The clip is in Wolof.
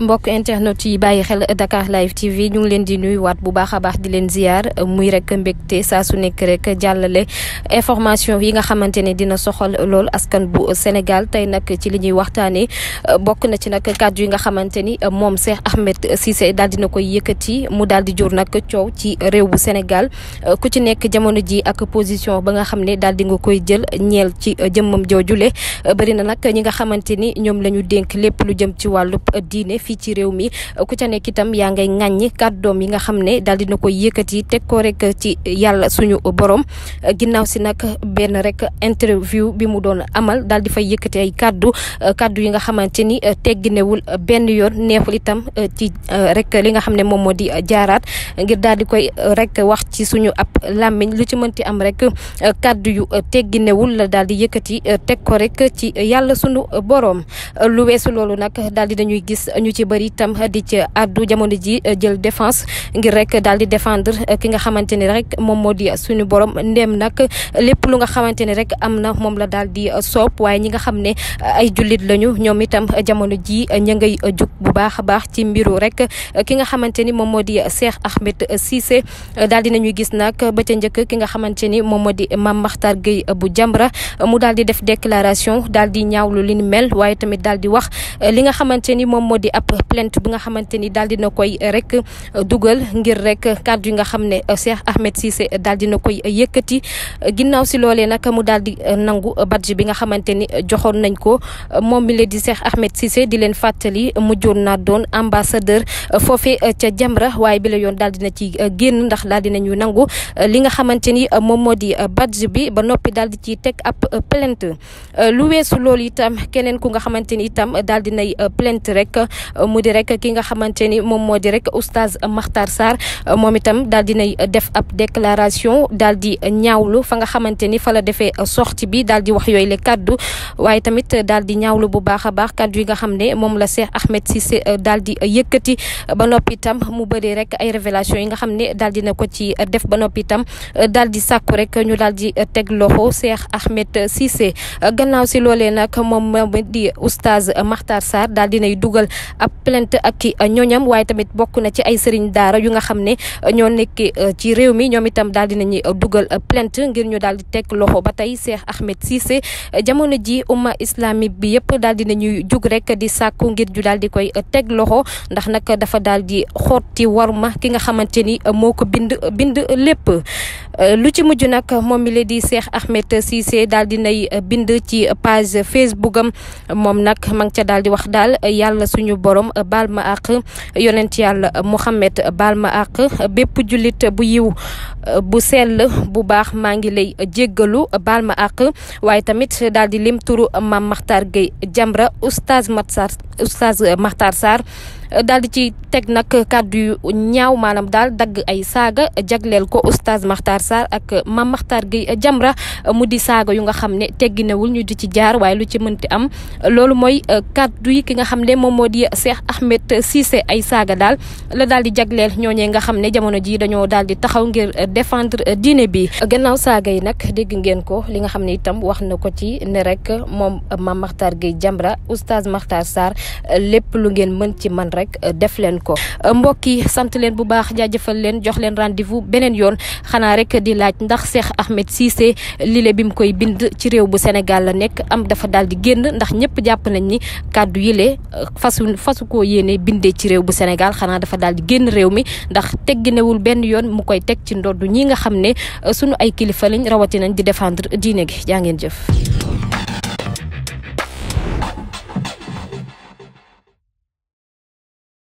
mbokk internet yi bàyyi xel Dakar Live TV ñu ngi leen di nuyuwaat bu baax a baax di leen ziar muy rek mbégte saa su nekk rekk jàllale information yi nga xamante ne dina soxal lool askan bu Sénégal tey nag ci li ñuy waxtaanee bokk na ci nag kàddu yi nga xamante ni moom Cheikh Ahmed Cissé daal dina koy yëkkati mu daal di jur nag coow ci réew bu Sénégal ku ci nekk jamono ji ak position ba nga xam ne daal di nga koy jël ñeel ci jëmmam joojule bëri na nag ñi nga xamante ni ñoom la ñu dénk lépp lu jëm ci wàllu diine. fii ci réew mi ku ca nekk itam yaa ngay ŋàññi kàddoom yi nga xam ne daal dina koy yëkkati teg ko rek ci yàlla suñu borom ginnaaw si nag benn rek interview bi mu doon amal daal di fay yëkkati kàddu kàddu yi nga xamante ni tegginewul benn yoon neexul itam ci rek li nga xam ne moom moo di jaaraat ngir daal di koy rek wax ci suñu ab làmmiñ lu ci mënti am rek kàddu yu tegginewul la daal di yëkkati teg ko rek ci yàlla suñu borom lu weesu loolu nag daal dañuy gis ñu ci ci bëri itam di ci addu jamono ji eh, jël défense ngir rek daal di défendre eh, ki nga xamante ni rek moom moo di suñu borom ndéem nag lépp lu nga xamante ni rek am na moom la daal di eh, soob waaye ñi nga xam ne ay jullit lañu ñoom itam jamono ji ña ngay jug bu baax a baax ci mbiru rek ki nga xamante ni moom moo di Cheikh Ahmed Cissé daal di nañuy gis nag ba ca njëkk ki nga xamante ni moom moo di Mame Makhtar Gueye bu Jamra mu daal def déclaration daal ñaawlu li ni mel waaye tamit daal wax li nga xamante moom moo di ab plainte bu nga xamante ni daal dina koy eh, rek eh, dugal ngir rek kàddu yi nga xam ne eh, Cheikh Ahmed Cissé daal na koy yëkkati ginnaaw si loolee nag mu daal di nangu badge bi nga xamante ni joxoon nañ ko moom mi leen di Cheikh si se di leen fàttali mujjoon naa doon ambassadeur foofe ca Jamra waaye bi la yoon daal dina ci génn ndax daal dinañu nangu li nga xamante ni moom moo di badge bi ba noppi daal di ci teg ab plainte lu weesu loolu itam keneen ku nga xamante ni itam daal dinay plainte rek mu di rek ki nga xamante ni moom moo di rek oustaz maxtar Sarr moom itam daal dinay def ab déclaration daal di ñaawlu fa nga xamante ni fa la defee sortie bi daal di wax yooyu le kaddu waaye tamit daal di ñaawlu bu baax a baax kaddu yi nga xam ne moom la Cheikh Ahmed Cissé euh, daal di yëkkati ba noppi itam mu bëri rek ay révélation yi nga xam ne daal dina ko ci def ba noppitam itam euh, daal di sàkku rek ñu daal di teg loxo Cheikh Ahmed Cissé gannaaw si loole nag moom di oustaz Makhtar Sarr daal dinay dugal ab plainte ak ki uh, ñooñam waaye tamit bokk na ci ay sëriñ daara yu nga xam ne uh, ñoo nekk uh, ci réew mi ñoom itam daal nañu dugal plainte ngir ñu daal di teg loxo ba tey Cheikh Ahmed Cissé jamono ji umma islamique bi yëpp daal dinañuy jug rek di sàkku ngir ju daal di koy teg loxo ndax nag dafa daal di xotti war ma ki nga xamante ni moo ko bind bind lépp lu ci mujj nag moom mi leen di Cheikh Ahmed Cissé daal nay bind ci page Facebook am moom nag ma ngi ca daal di wax daal yàlla suñu borom borom baal ma àq yonent yàlla Muhammad baal ma àq bépp jullit bu yiw bu sell bu baax maa ngi lay jéggalu baal ma àq waaye tamit daal di lim turu Mame Makhtar Gueye Jamra oustaz Makhtar oustaz daal di ci teg nag kàddu yu ñaaw maanaam daal dagg ay saaga jagleel ko oustaz Makhtar Sarr ak Mame gi jambra Jamra mu di saaga yu nga xam ne tegginewul ñu di ci jaar waaye lu ci mënti am loolu mooy euh, kàddu yi ki nga xam ne moom moo di Cheikh Ahmed Cissé ay saaga daal la daal di jagleel ñooñee nga xam ne jamono jii dañoo daal di taxaw ngir diine bi gannaaw saaga yi nag dégg ngeen ko li nga xam ne itam wax na ko ci ne rek moom Mame Makhtar Gueye Jamra oustaz Makhtar lépp lu ngeen mën ci man rek rek euh, def leen ko euh, mbokk yi sant leen bu baax jaajëfal leen jox leen rendez beneen yoon xanaa rek di laaj ndax Cheikh Ahmed Cissé lile bi mu koy bind ci réew bu senegal la nekk am dafa daal di génn ndax ñëpp jàpp nañ ni kàddu yile euh, fasu fasu koo bindee ci réew bu Sénégal xanaa dafa daal di génn réew mi ndax tegginewul benn yoon mu koy teg ci ndoddu ñi nga xam ne sunu ay kilifa lañ rawati nañ di defendre diine gi jaa ngeen jëf